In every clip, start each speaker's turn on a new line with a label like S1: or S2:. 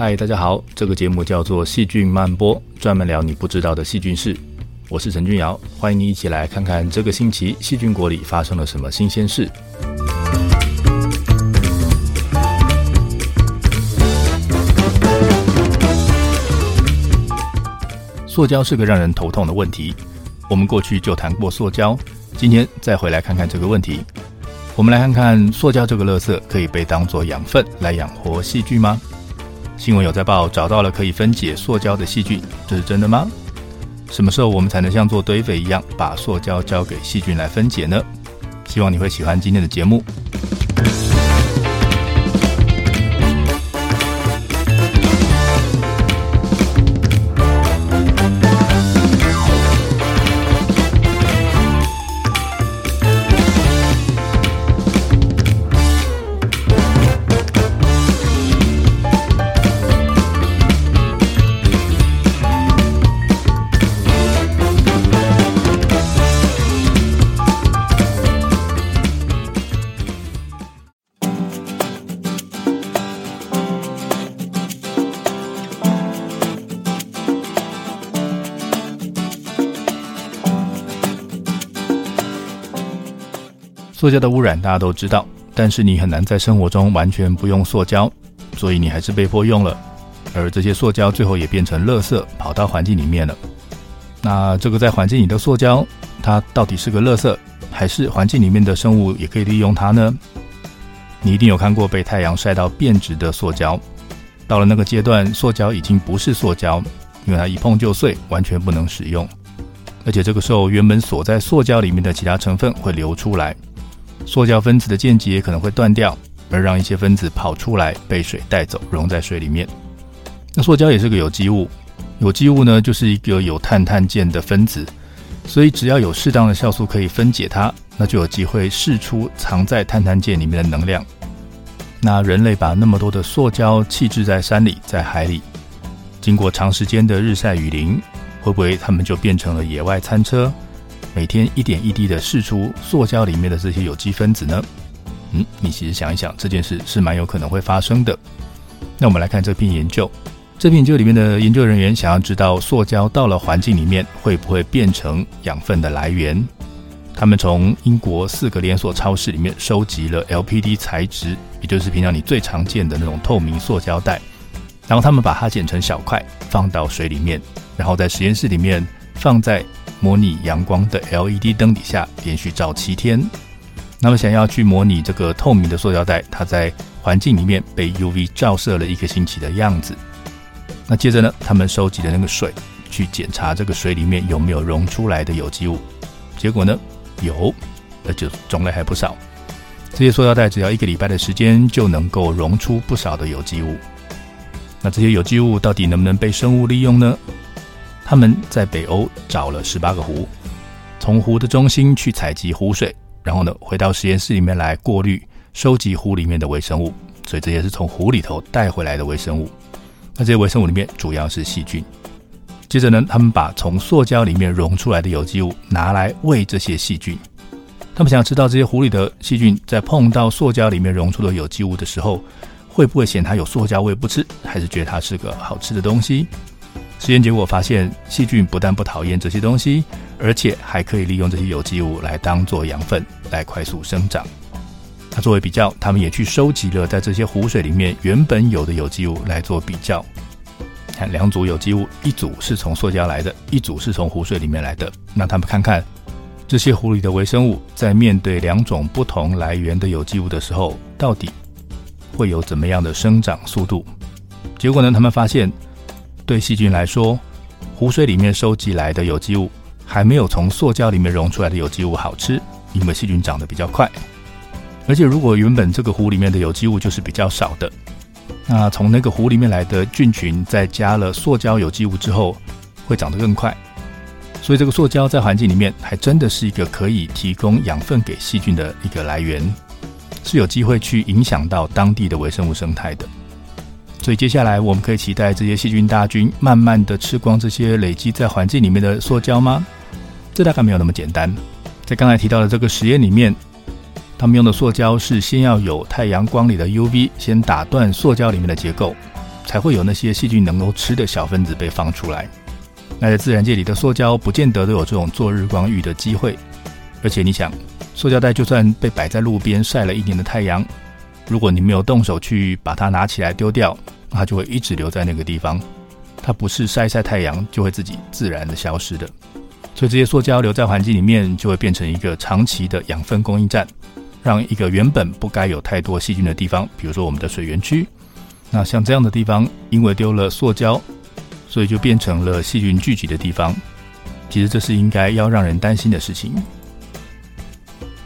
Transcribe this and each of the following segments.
S1: 嗨，Hi, 大家好，這個節目叫做《細菌曼波》，專門聊你不知道的細菌事。我是陳俊堯，歡迎你一起來看看這個星期細菌國裡發生了什麼新鮮事。塑膠是個讓人頭痛的問題，我們過去就談過塑膠，今天再回來看看這個問題。我們來看看塑膠這個垃圾可以被當做養分來養活細菌嗎？新聞有在報，找到了可以分解塑膠的細菌，這是真的嗎？什麼時候我們才能像做堆肥一樣，把塑膠交給細菌來分解呢？希望你會喜歡今天的節目。塑膠的污染，大家都知道，但是你很難在生活中完全不用塑膠，所以你還是被迫用了。而這些塑膠最後也變成垃圾跑到環境裡面了。那這個在環境裡的塑膠，它到底是個垃圾，還是環境裡面的生物也可以利用它呢？你一定有看過被太陽曬到變質的塑膠，到了那個階段，塑膠已經不是塑膠，因為它一碰就碎，完全不能使用。而且這個時候，原本鎖在塑膠裡面的其他成分會流出來。塑膠分子的鍵結也可能會斷掉，而讓一些分子跑出來被水帶走，溶在水裡面。那塑膠也是個有機物，有機物呢就是一個有碳碳鍵的分子，所以只要有適當的酵素可以分解它，那就有機會釋出藏在碳碳鍵裡面的能量。那人類把那麼多的塑膠棄置在山裡、在海裡，經過長時間的日曬雨淋，會不會它們就變成了野外餐車？每天一點一滴的釋出塑膠裡面的這些有機分子呢？嗯，你其實想一想，這件事是蠻有可能會發生的。那我們來看這篇研究，這篇研究裡面的研究人員想要知道塑膠到了環境裡面會不會變成養分的來源。他們從英國四個連鎖超市裡面收集了 LPD 材質，也就是平常你最常見的那種透明塑膠袋，然後他們把它剪成小塊，放到水裡面，然後在實驗室裡面。放在模擬陽光的 LED 燈底下連續照七天，那麼想要去模擬這個透明的塑料袋，它在環境裡面被 UV 照射了一個星期的樣子。那接着呢，他們收集了那個水去檢查這個水裡面有沒有溶出來的有機物，結果呢有，那就種類還不少。這些塑料袋只要一個禮拜的時間就能夠溶出不少的有機物。那這些有機物到底能不能被生物利用呢？他們在北歐找了十八個湖，從湖的中心去採集湖水，然後呢回到實驗室裡面來過濾，收集湖裡面的微生物。所以這也是從湖裡頭帶回來的微生物。那這些微生物裡面主要是細菌。接着呢，他們把從塑膠裡面溶出來的有機物拿來餵這些細菌。他們想知道這些湖裡的細菌在碰到塑膠裡面溶出的有機物的時候，會不會嫌它有塑膠味不吃，還是覺得它是個好吃的東西？實驗結果發現，細菌不但不討厭這些東西，而且還可以利用這些有機物來當做養分，來快速生長。那作為比較，他們也去收集了在這些湖水裡面原本有的有機物來做比較。看兩組有機物，一組是從塑膠來的，一組是從湖水裡面來的。那他們看看這些湖裡的微生物在面對兩種不同來源的有機物的時候，到底會有怎麼樣的生長速度？結果呢，他們發現。對細菌來說，湖水裡面收集來的有機物還沒有從塑膠裡面溶出來的有機物好吃，因為細菌長得比較快。而且，如果原本這個湖裡面的有機物就是比較少的，那從那個湖裡面來的菌群再加了塑膠有機物之後，會長得更快。所以，這個塑膠在環境裡面還真的是一個可以提供養分給細菌的一個來源，是有機會去影響到當地的微生物生態的。所以接下來我們可以期待這些細菌大軍慢慢的吃光這些累積在環境裡面的塑膠嗎？這大概沒有那麼簡單。在剛才提到的這個實驗裡面，他們用的塑膠是先要有太陽光裡的 UV 先打斷塑膠裡面的結構，才會有那些細菌能夠吃的小分子被放出來。那在自然界裡的塑膠不見得都有這種做日光浴的機會，而且你想，塑膠袋就算被擺在路邊曬了一年的太陽，如果你沒有動手去把它拿起來丟掉，它就會一直留在那個地方。它不是曬曬太陽就會自己自然的消失的。所以這些塑膠留在環境裡面，就會變成一個長期的養分供應站，讓一個原本不該有太多細菌的地方，比如說我們的水源區。那像這樣的地方，因為丟了塑膠，所以就變成了細菌聚集的地方。其實這是應該要讓人擔心的事情。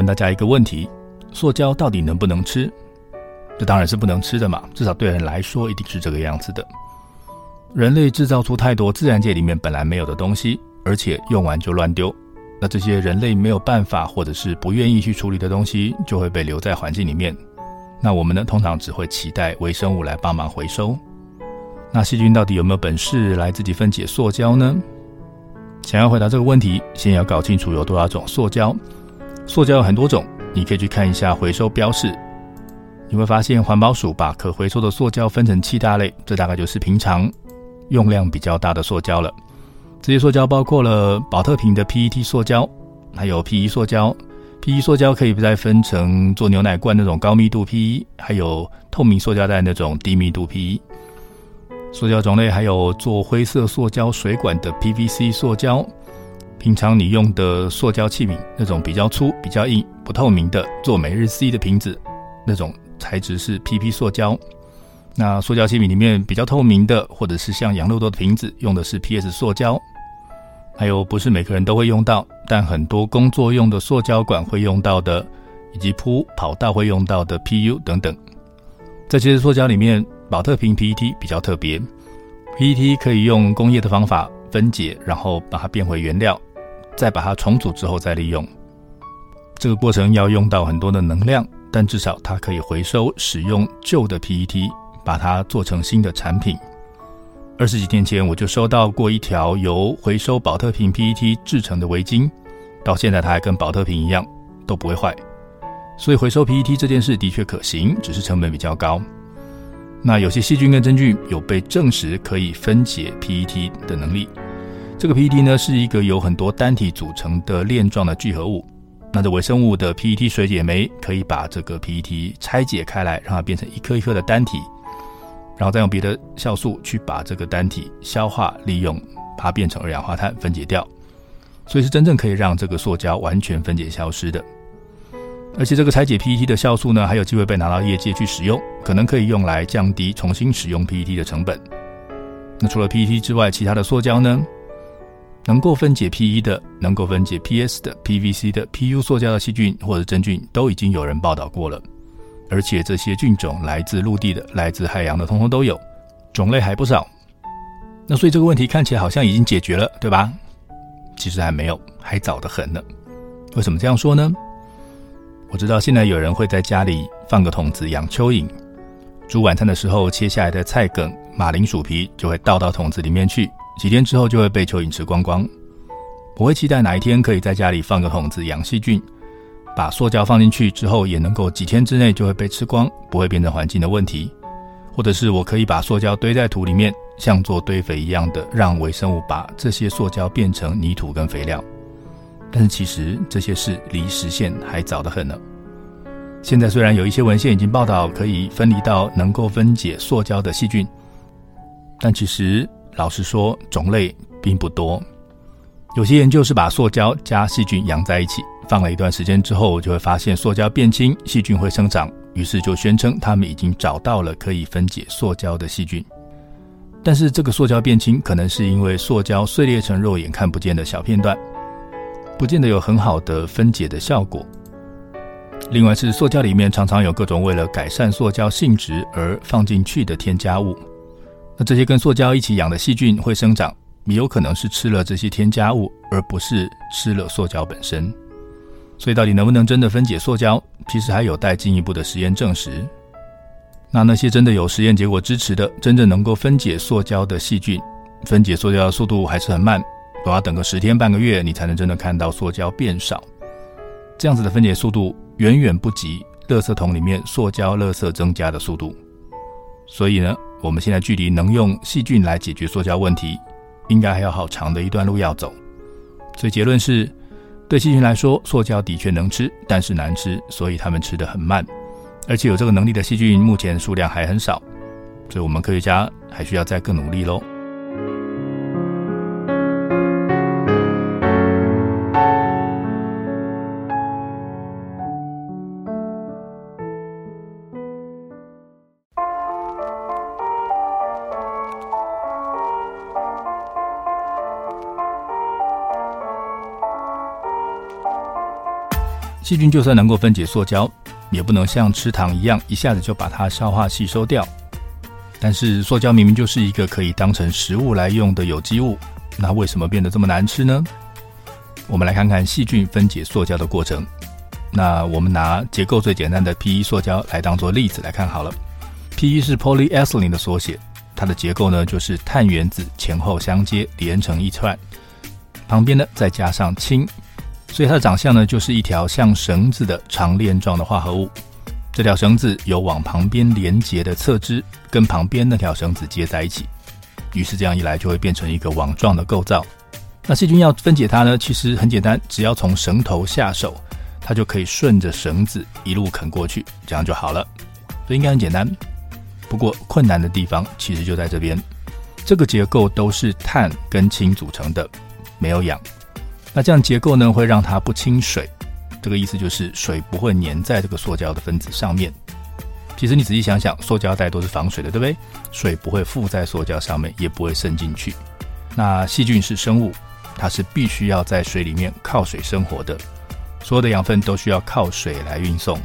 S1: 問大家一個問題：塑膠到底能不能吃？這當然是不能吃的嘛，至少對人來說一定是這個樣子的。人類製造出太多自然界裡面本來沒有的東西，而且用完就亂丟，那這些人類沒有辦法或者是不願意去處理的東西，就會被留在環境裡面。那我們呢，通常只會期待微生物來幫忙回收。那細菌到底有沒有本事來自己分解塑膠呢？想要回答這個問題，先要搞清楚有多少種塑膠。塑膠有很多種，你可以去看一下回收標示，你會發現環保署把可回收的塑膠分成七大類，這大概就是平常用量比較大的塑膠了。這些塑膠包括了寶特瓶的 PET 塑膠，還有 PE 塑膠。PE 塑膠可以不再分成做牛奶罐那種高密度 PE，還有透明塑膠袋那種低密度 PE。塑膠種類還有做灰色塑膠水管的 PVC 塑膠。平常你用的塑膠器皿，那種比較粗、比較硬、不透明的做每日 C 的瓶子，那種材質是 PP 塑膠。那塑膠器皿裡面比較透明的，或者是像養樂多的瓶子，用的是 PS 塑膠。還有不是每個人都會用到，但很多工作用的塑膠管會用到的，以及鋪跑道會用到的 PU 等等。在這些塑膠裡面，寶特瓶 PET 比較特別。PET 可以用工業的方法分解，然後把它變回原料。再把它重組之後再利用。這個過程要用到很多的能量，但至少它可以回收使用舊的 PET，把它做成新的產品。二十幾天前我就收到過一條由回收保特瓶 PET 製成的圍巾，到現在它還跟保特瓶一樣都不會壞。所以回收 PET 這件事的確可行，只是成本比較高。那有些細菌跟真菌有被證實可以分解 PET 的能力。這個 PET 呢，是一個由很多單體組成的鏈狀的聚合物。那這微生物的 PET 水解酶可以把這個 PET 拆解開來，讓它變成一顆一顆的單體，然後再用別的酵素去把這個單體消化利用，把它變成二氧化碳分解掉。所以是真正可以讓這個塑膠完全分解消失的。而且這個拆解 PET 的酵素呢，還有機會被拿到業界去使用，可能可以用來降低重新使用 PET 的成本。那除了 PET 之外，其他的塑膠呢？能夠分解 PE 的，能夠分解 PS 的、PVC 的、PU 塑膠的細菌或者真菌都已經有人報道過了，而且這些菌種來自陸地的，來自海洋的，通通都有，種類還不少。那所以這個問題看起來好像已經解決了，對吧？其實還沒有，還早得很呢。為什麼這樣說呢？我知道現在有人會在家裡放個桶子養蚯蚓，煮晚餐的時候切下來的菜梗、馬鈴薯皮就會倒到桶子裡面去。幾天之後就會被蚯蚓吃光光。我會期待哪一天可以在家裡放個桶子養細菌，把塑膠放進去之後，也能夠幾天之內就會被吃光，不會變成環境的問題。或者是我可以把塑膠堆在土裡面，像做堆肥一樣的，讓微生物把這些塑膠變成泥土跟肥料。但是其實這些事離實現還早得很呢。現在雖然有一些文獻已經報道可以分離到能夠分解塑膠的細菌，但其實。老實說，種類並不多。有些研究是把塑膠加細菌養在一起，放了一段時間之後，就會發現塑膠變輕，細菌會生長，於是就宣稱他們已經找到了可以分解塑膠的細菌。但是這個塑膠變輕，可能是因為塑膠碎裂成肉眼看不見的小片段，不見得有很好的分解的效果。另外是塑膠裡面常常有各種為了改善塑膠性質而放進去的添加物。那這些跟塑膠一起養的細菌會生長，也有可能是吃了這些添加物，而不是吃了塑膠本身。所以到底能不能真的分解塑膠，其實還有待進一步的實驗證實。那那些真的有實驗結果支持的，真正能夠分解塑膠的細菌，分解塑膠的速度還是很慢，要等，等個十天半個月，你才能真的看到塑膠變少。這樣子的分解速度遠遠不及垃圾桶裡面塑膠垃圾增加的速度。所以呢？我們現在距離能用細菌來解決塑膠問題，應該還有好長的一段路要走。所以結論是，對細菌來說，塑膠的確能吃，但是難吃，所以它們吃得很慢。而且有這個能力的細菌，目前數量還很少。所以我們科學家還需要再更努力嘍。細菌就算能夠分解塑膠，也不能像吃糖一樣一下子就把它消化吸收掉。但是塑膠明明就是一個可以當成食物來用的有機物，那為什麼變得這麼難吃呢？我們來看看細菌分解塑膠的過程。那我們拿結構最簡單的 PE 塑膠來當作例子來看好了。PE 是 Polyethylene 的縮寫，它的結構呢就是碳原子前後相接連成一串，旁邊呢再加上氫。所以它的長相呢，就是一條像繩子的長鏈狀的化合物。這條繩子有往旁邊連接的側枝，跟旁邊那條繩子接在一起。於是這樣一來，就會變成一個網狀的構造。那細菌要分解它呢，其實很簡單，只要從繩頭下手，它就可以順着繩子一路啃過去，這樣就好了。所以應該很簡單。不過困難的地方其實就在這邊，這個結構都是碳跟氫組成的，沒有氧。那這樣結構呢，會讓它不親水，這個意思就是水不會粘在這個塑膠的分子上面。其實你仔細想想，塑膠袋都是防水的，對不對？水不會附在塑膠上面，也不會滲進去。那細菌是生物，它是必須要在水裡面靠水生活的，所有的養分都需要靠水來運送，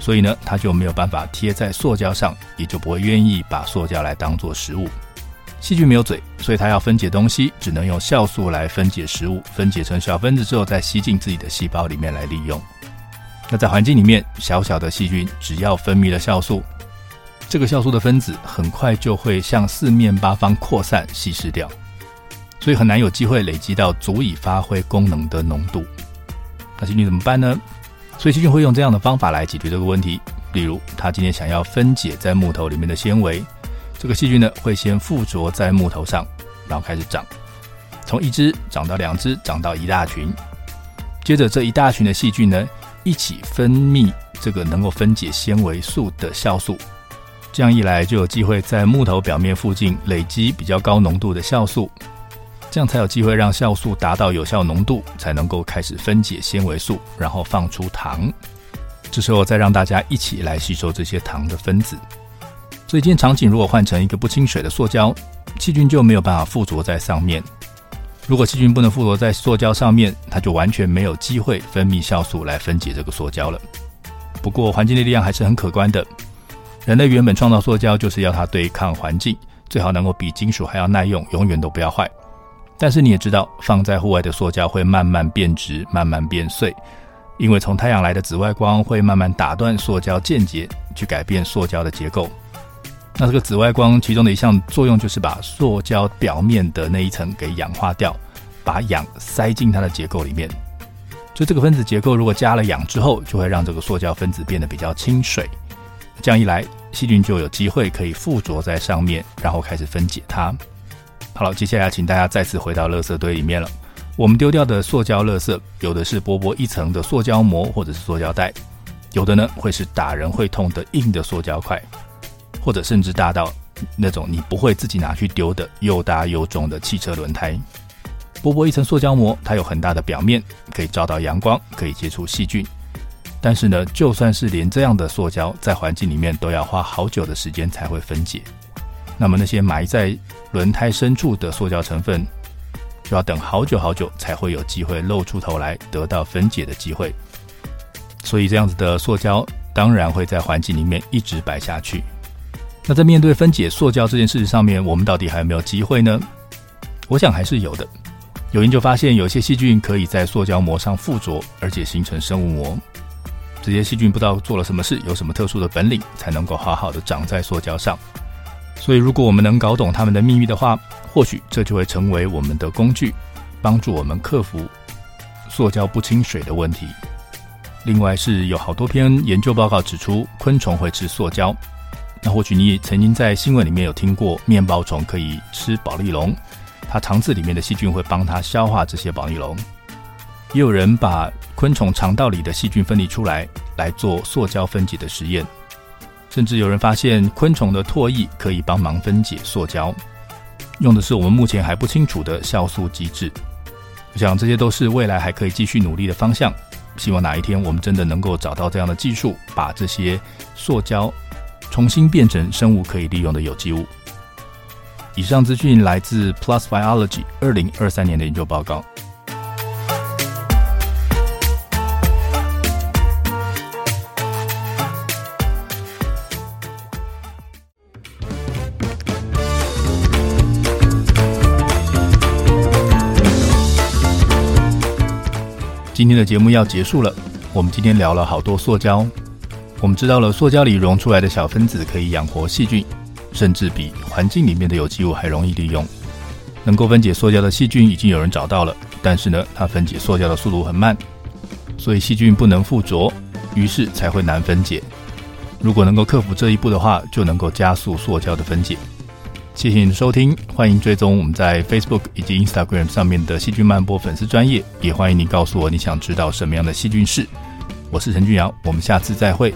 S1: 所以呢，它就沒有辦法貼在塑膠上，也就不會願意把塑膠來當作食物。細菌沒有嘴，所以它要分解東西，只能用酵素來分解食物，分解成小分子之後再吸進自己的細胞裡面來利用。那在環境裡面，小小的細菌只要分泌了酵素，這個酵素的分子很快就會向四面八方擴散、稀釋掉，所以很難有機會累積到足以發揮功能的濃度。那細菌怎麼辦呢？所以細菌會用這樣的方法來解決這個問題。例如，它今天想要分解在木頭裡面的纖維。這個細菌呢，會先附着在木頭上，然後開始長，從一只長到兩只，長到一大群。接着這一大群的細菌呢，一起分泌這個能夠分解纖維素的酵素。這樣一來，就有機會在木頭表面附近累積比較高濃度的酵素，這樣才有機會讓酵素達到有效濃度，才能夠開始分解纖維素，然後放出糖。這時候再讓大家一起來吸收這些糖的分子。所以，今天場景如果換成一個不親水的塑膠，細菌就沒有辦法附着在上面。如果細菌不能附着在塑膠上面，它就完全沒有機會分泌酵素來分解這個塑膠了。不過，環境的力量還是很可觀的。人類原本創造塑膠就是要它對抗環境，最好能夠比金屬還要耐用，永遠都不要壞。但是你也知道，放在戶外的塑膠會慢慢變質，慢慢變碎，因為從太陽來的紫外光會慢慢打斷塑膠鍵結，去改變塑膠的結構。那這個紫外光其中的一項作用就是把塑膠表面的那一層給氧化掉，把氧塞進它的結構裡面。就這個分子結構，如果加了氧之後，就會讓這個塑膠分子變得比較親水。這樣一來，細菌就有機會可以附着在上面，然後開始分解它。好了，接下來請大家再次回到垃圾堆裡面了。我們丟掉的塑膠垃圾，有的是薄薄一層的塑膠膜或者是塑膠袋，有的呢會是打人會痛的硬的塑膠塊。或者甚至大到那種你不會自己拿去丟的又大又重的汽車輪胎，薄薄一層塑膠膜，它有很大的表面，可以照到陽光，可以接觸細菌。但是呢，就算是連這樣的塑膠，在環境裡面都要花好久的時間才會分解。那麼那些埋在輪胎深處的塑膠成分，就要等好久好久才會有機會露出頭來，得到分解的機會。所以這樣子的塑膠，當然會在環境裡面一直擺下去。那在面對分解塑膠這件事上面，我們到底還有沒有機會呢？我想還是有的。有研究發現，有些細菌可以在塑膠膜上附着，而且形成生物膜。這些細菌不知道做了什麼事，有什麼特殊的本領，才能夠好好的長在塑膠上。所以，如果我們能搞懂它們的秘密的話，或許這就會成為我們的工具，幫助我們克服塑膠不親水的問題。另外，是有好多篇研究報告指出，昆蟲會吃塑膠。那或許你也曾經在新聞裡面有聽過，麵包蟲可以吃保麗龍，它腸子裡面的細菌會幫它消化這些保麗龍。也有人把昆蟲腸道裡的細菌分離出來來做塑膠分解的實驗，甚至有人發現昆蟲的唾液可以幫忙分解塑膠，用的是我們目前還不清楚的酵素機制。我想這些都是未來還可以繼續努力的方向。希望哪一天我們真的能夠找到這樣的技術，把這些塑膠重新變成生物可以利用的有機物。以上資訊來自 Plus Biology 2023年的研究報告。今天的節目要結束了，我們今天聊了好多塑膠。我們知道了，塑膠裡溶出來的小分子可以養活細菌，甚至比環境裡面的有機物還容易利用。能夠分解塑膠的細菌已經有人找到了，但是呢，它分解塑膠的速度很慢，所以細菌不能附着，於是才會難分解。如果能夠克服這一步的話，就能夠加速塑膠的分解。謝謝你的收聽，歡迎追蹤我們在 Facebook 以及 Instagram 上面的細菌曼波粉絲專頁，也歡迎你告訴我你想知道什麼樣的細菌室。我是陳俊堯，我們下次再會。